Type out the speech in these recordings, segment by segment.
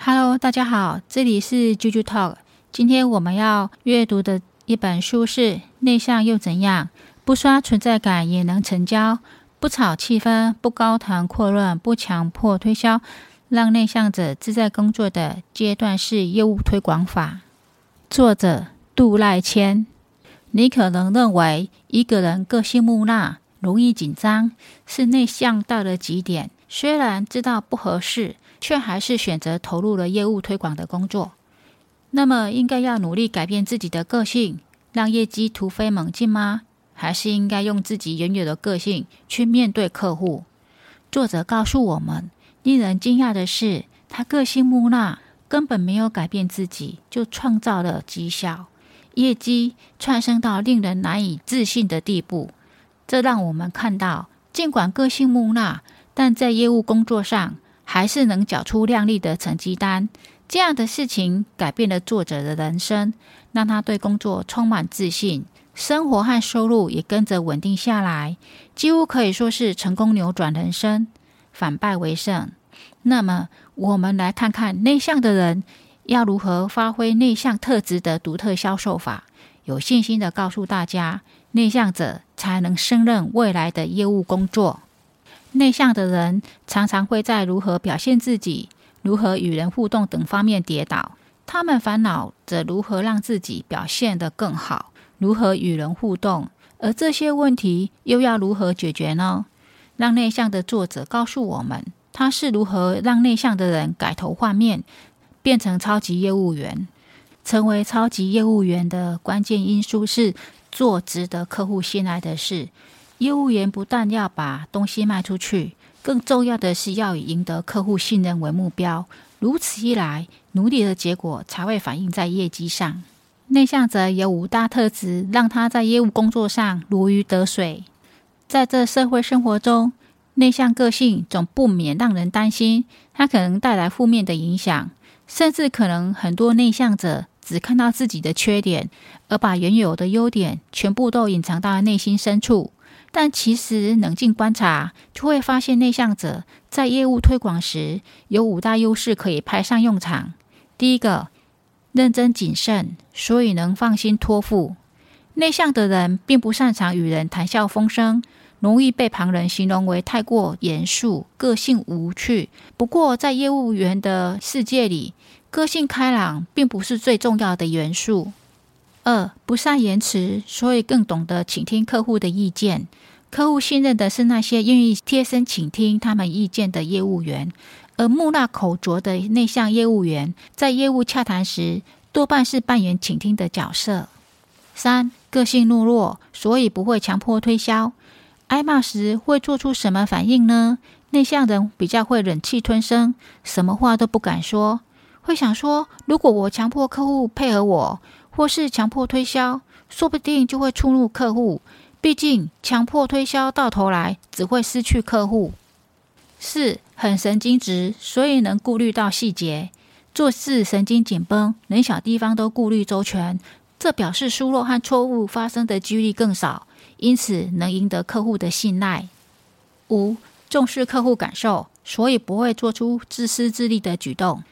哈嘍，Hello, 大家好，這裡是 Juju Talk。今天我們要閱讀的一本書是《內向又怎樣？不刷存在感也能成交，不炒氣氛，不高談闊論，不強迫推銷，讓內向者自在工作的階段式業務推廣法》，作者渡瀨謙。你可能認為一個人個性木訥、容易緊張，是內向到了極點。雖然知道不合適，卻還是選擇投入了業務推廣的工作。那麼，應該要努力改變自己的個性，讓業績突飛猛進嗎？還是應該用自己原有的個性去面對客戶？作者告訴我們，令人驚訝的是，他個性木訥，根本沒有改變自己，就創造了績效，業績竄升到令人難以置信的地步。這讓我們看到，儘管個性木訥，但在業務工作上，還是能繳出亮麗的成績單。這樣的事情改變了作者的人生，讓他對工作充滿自信，生活和收入也跟着穩定下來，幾乎可以說是成功扭轉人生，反敗為勝。那麼，我們來看看內向的人要如何發揮內向特質的獨特銷售法。有信心的告訴大家，內向者才能勝任未來的業務工作。內向的人常常會在如何表現自己、如何與人互動等方面跌倒。他們煩惱着如何讓自己表現得更好，如何與人互動，而這些問題又要如何解決呢？讓內向的作者告訴我們，他是如何讓內向的人改頭換面，變成超級業務員。成為超級業務員的關鍵因素是做值得客戶信賴的事。業務員不但要把東西賣出去，更重要的是要以贏得客戶信任為目標。如此一來，努力的結果才會反映在業績上。內向者有五大特質，讓他在業務工作上如魚得水。在這社會生活中，內向個性總不免讓人擔心，它可能帶來負面的影響，甚至可能很多內向者只看到自己的缺點，而把原有的優點全部都隱藏到內心深處。但其實冷靜觀察，就會發現內向者在業務推廣時有五大優勢可以派上用場。第一個，認真謹慎，所以能放心托付。內向的人並不擅長與人談笑風生，容易被旁人形容為太過嚴肅，個性無趣。不過，在業務員的世界裡，個性開朗並不是最重要的元素。二不善言辭，所以更懂得傾聽客戶的意見。客戶信任的是那些願意貼身傾聽他們意見的業務員，而木訥口拙的內向業務員，在業務洽談時多半是扮演傾聽的角色。三個性懦弱，所以不會強迫推銷。挨罵時會做出什麼反應呢？內向人比較會忍氣吞聲，什麼話都不敢說，會想說：如果我強迫客戶配合我。或是強迫推銷，說不定就會觸怒客戶。畢竟強迫推銷到頭來只會失去客戶。四、很神經質，所以能顧慮到細節，做事神經緊繃，連小地方都顧慮周全，這表示疏漏和錯誤發生的幾率更少，因此能贏得客戶的信賴。五、重視客戶感受，所以不會做出自私自利的舉動。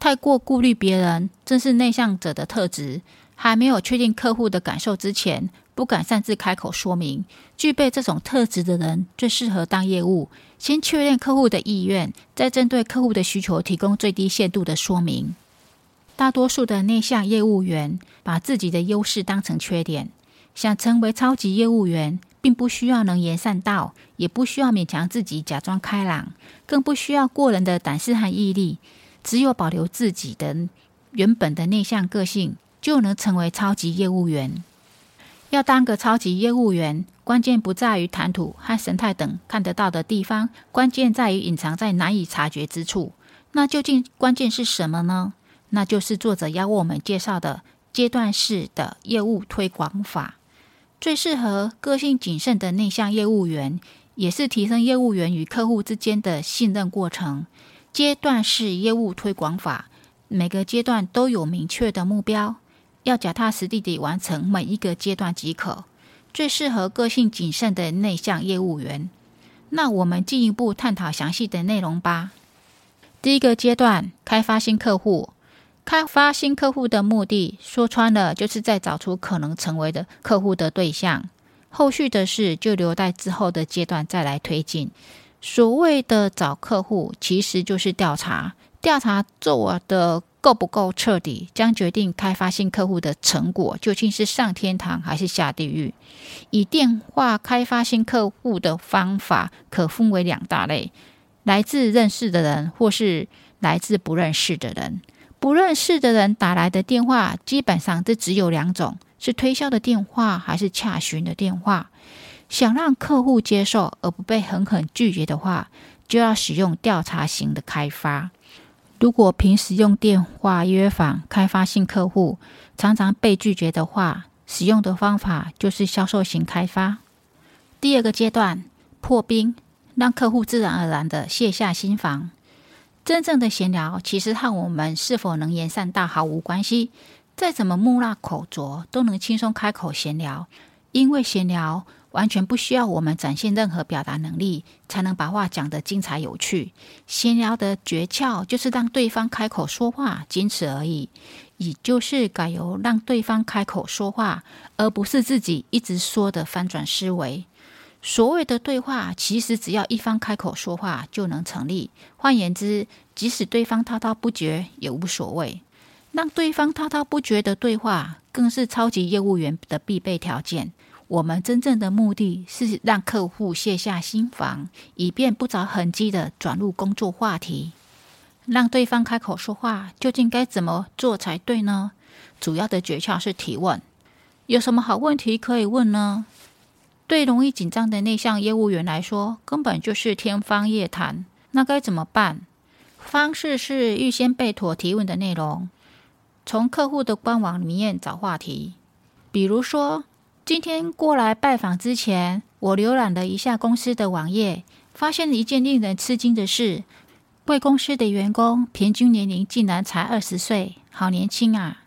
太過顧慮別人，正是內向者的特質。還沒有確定客戶的感受之前，不敢擅自開口說明。具備這種特質的人，最適合當業務。先確認客戶的意願，再針對客戶的需求提供最低限度的說明。大多數的內向業務員，把自己的優勢當成缺點。想成為超級業務員，並不需要能言善道，也不需要勉強自己假裝開朗，更不需要過人的膽識和毅力。只有保留自己的原本的內向個性。就能成為超級業務員。要當個超級業務員，關鍵不在於談吐和神態等看得到的地方，關鍵在於隱藏在難以察覺之處。那究竟關鍵是什麼呢？那就是作者要為我們介紹的階段式的業務推廣法，最適合個性謹慎的內向業務員，也是提升業務員與客戶之間的信任過程。階段式業務推廣法，每個階段都有明確的目標。要腳踏實地地完成每一個階段即可，最適合個性謹慎的內向業務員。那我們進一步探討詳細的內容吧。第一個階段，開發新客戶。開發新客戶的目的，說穿了就是在找出可能成為的客戶的對象。後續的事就留待之後的階段再來推進。所謂的找客戶，其實就是調查。調查做我的。夠不夠徹底，將決定開發新客戶的成果究竟是上天堂還是下地獄。以電話開發新客戶的方法，可分為兩大類：來自認識的人，或是來自不認識的人。不認識的人打來的電話，基本上就只有兩種：是推銷的電話，還是洽詢的電話。想讓客戶接受而不被狠狠拒絕的話，就要使用調查型的開發。如果平時用電話約訪開發新客戶，常常被拒絕的話，使用的方法就是銷售型開發。第二個階段破冰，讓客戶自然而然地卸下心防。真正的閒聊，其實和我們是否能言善道毫無關係。再怎麼木訥口拙，都能輕鬆開口閒聊，因為閒聊，完全不需要我們展現任何表達能力，才能把話講得精彩有趣。閒聊的訣竅就是讓對方開口說話，僅此而已。也就是改由讓對方開口說話，而不是自己一直說的翻轉思維。所謂的對話，其實只要一方開口說話就能成立。換言之，即使對方滔滔不絕，也無所謂。讓對方滔滔不絕的對話，更是超級業務員的必備條件。我們真正的目的是讓客戶卸下心防，以便不着痕跡地轉入工作話題，讓對方開口說話。究竟該怎麼做才對呢？主要的訣竅是提問。有什麼好問題可以問呢？對容易緊張的內向業務員來說，根本就是天方夜譚。那該怎麼辦？方式是預先備妥提問的內容，從客戶的官網裡面找話題，比如說。今天過來拜訪之前，我瀏覽了一下公司的網頁，發現了一件令人吃驚的事：貴公司的員工平均年齡竟然才二十歲，好年輕啊！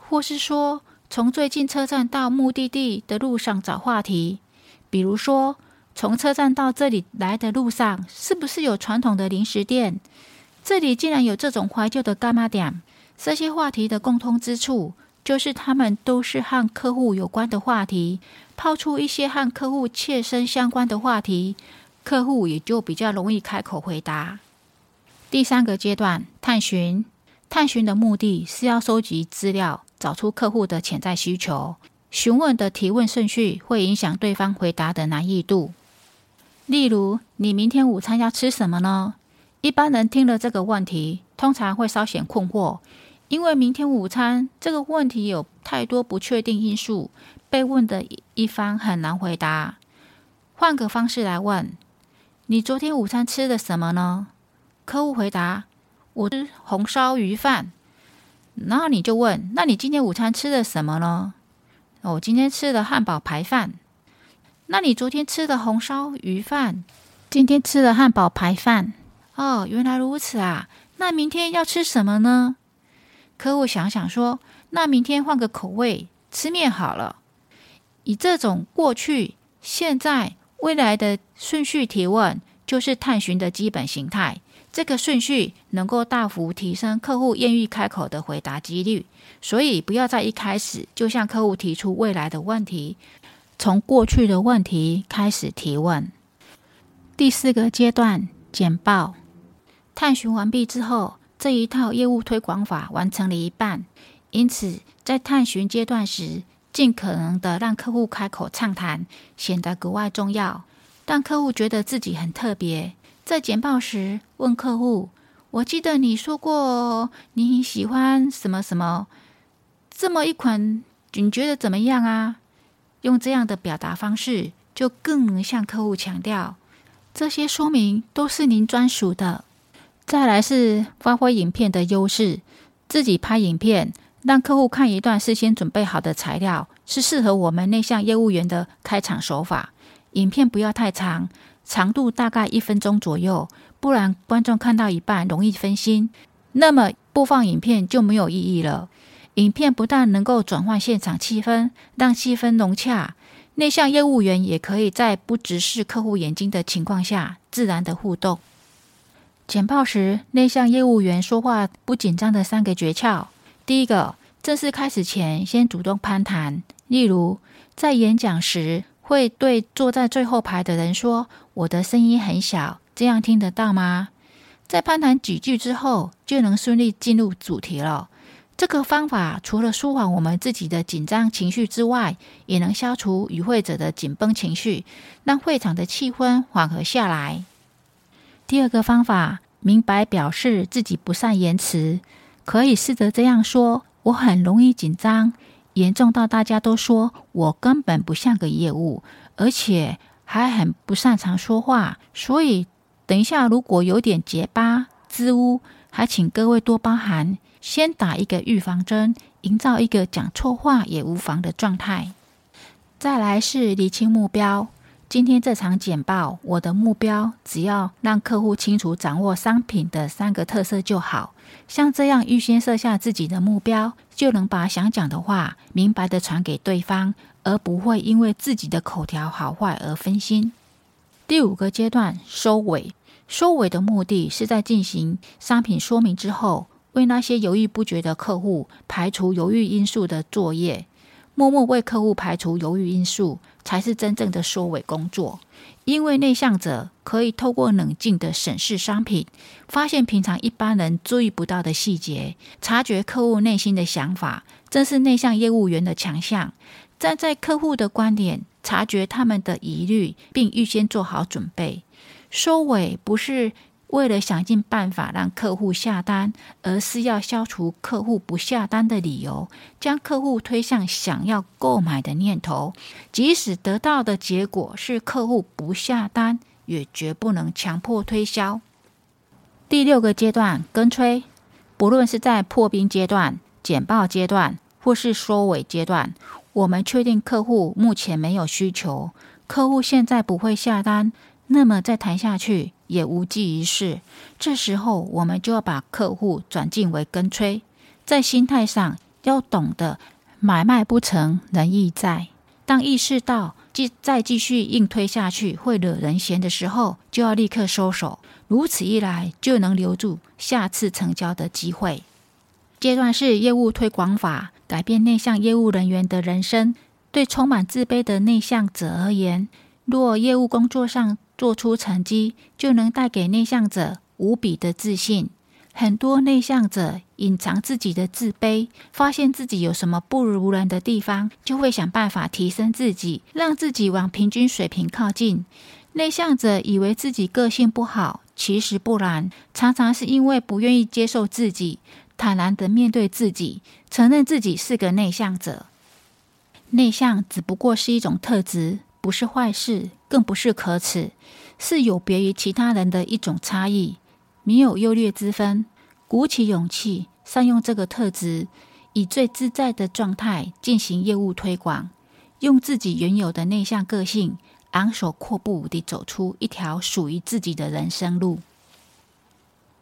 或是說，從最近車站到目的地的路上找話題，比如說，從車站到這裡來的路上是不是有傳統的零食店？這裡竟然有這種懷舊的柑仔店，ang, 這些話題的共通之處。就是他們都是和客戶有關的話題，拋出一些和客戶切身相關的話題，客戶也就比較容易開口回答。第三個階段，探尋。探尋的目的是要收集資料，找出客戶的潛在需求。詢問的提問順序會影響對方回答的難易度。例如，你明天午餐要吃什麼呢？一般人聽了這個問題，通常會稍顯困惑。因為明天午餐這個問題有太多不確定因素，被問的一,一方很難回答。換個方式來問：你昨天午餐吃的什麼呢？客戶回答：我吃紅燒魚飯。然後你就問：那你今天午餐吃的什麼呢？哦，今天吃的漢堡排飯。那你昨天吃的紅燒魚飯，今天吃的漢堡排飯。哦，原來如此啊！那明天要吃什麼呢？客戶想想說：“那明天換個口味吃麵好了。”以這種過去、現在、未來的順序提問，就是探尋的基本形態。這個順序能夠大幅提升客戶願意開口的回答幾率。所以，不要在一開始就向客戶提出未來的問題，從過去的問題開始提問。第四個階段簡報，探尋完畢之後。這一套業務推廣法完成了一半，因此在探尋階段時，盡可能的讓客戶開口暢談，顯得格外重要。但客戶覺得自己很特別。在簡報時，問客戶：“我記得你說過你喜歡什麼什麼，這麼一款你覺得怎麼樣啊？”用這樣的表達方式，就更能向客戶強調這些說明都是您專屬的。再來是發揮影片的優勢，自己拍影片，讓客戶看一段事先準備好的材料，是適合我們內向業務員的開場手法。影片不要太長，長度大概一分鐘左右，不然觀眾看到一半容易分心，那麼播放影片就沒有意義了。影片不但能夠轉換現場氣氛，讓氣氛融洽，內向業務員也可以在不直視客戶眼睛的情況下，自然的互動。簡報時，內向業務員說話不緊張的三個訣竅。第一個，正式開始前先主動攀談，例如在演講時，會對坐在最後排的人說：“我的聲音很小，這樣聽得到嗎？”在攀談幾句之後，就能順利進入主題了。這個方法除了舒緩我們自己的緊張情緒之外，也能消除與會者的緊繃情緒，讓會場的氣氛緩和下來。第二個方法，明白表示自己不善言辭，可以試着這樣說：“我很容易緊張，嚴重到大家都說我根本不像個業務，而且還很不擅長說話。所以等一下如果有點結巴、支吾，還請各位多包涵。先打一個預防針，營造一個講錯話也無妨的狀態。再來是釐清目標。”今天這場簡報，我的目標只要讓客戶清楚掌握商品的三個特色就好。像這樣預先設下自己的目標，就能把想講的話明白地傳給對方，而不會因為自己的口條好壞而分心。第五個階段，收尾。收尾的目的是在進行商品說明之後，為那些猶豫不決的客戶排除猶豫因素的作業，默默為客戶排除猶豫因素。才是真正的收尾工作，因為內向者可以透過冷靜的審視商品，發現平常一般人注意不到的細節，察覺客戶內心的想法，正是內向業務員的強項。站在客戶的觀點，察覺他們的疑慮，並預先做好準備。收尾不是，為了想盡辦法讓客戶下單，而是要消除客戶不下單的理由，將客戶推向想要購買的念頭。即使得到的結果是客戶不下單，也絕不能強迫推銷。第六個階段跟催。不論是在破冰階段、簡報階段或是收尾階段，我們確定客戶目前沒有需求，客戶現在不會下單，那麼再談下去也無濟於事。這時候我們就要把客戶轉進為跟催，在心態上要懂得買賣不成仁義在。當意識到繼再繼續硬推下去會惹人嫌的時候，就要立刻收手。如此一來，就能留住下次成交的機會。階段式業務推廣法，改變內向業務人員的人生。對充滿自卑的內向者而言，若業務工作上做出成績，就能帶給內向者無比的自信。很多內向者隱藏自己的自卑，發現自己有什麼不如人的地方，就會想辦法提升自己，讓自己往平均水平靠近。內向者以為自己個性不好，其實不然，常常是因為不願意接受自己，坦然的面對自己，承認自己是個內向者。內向只不過是一種特質。不是壞事，更不是可恥，是有別於其他人的一種差異，沒有優劣之分。鼓起勇氣，善用這個特質，以最自在的狀態進行業務推廣，用自己原有的內向個性，昂首闊步地走出一條屬於自己的人生路。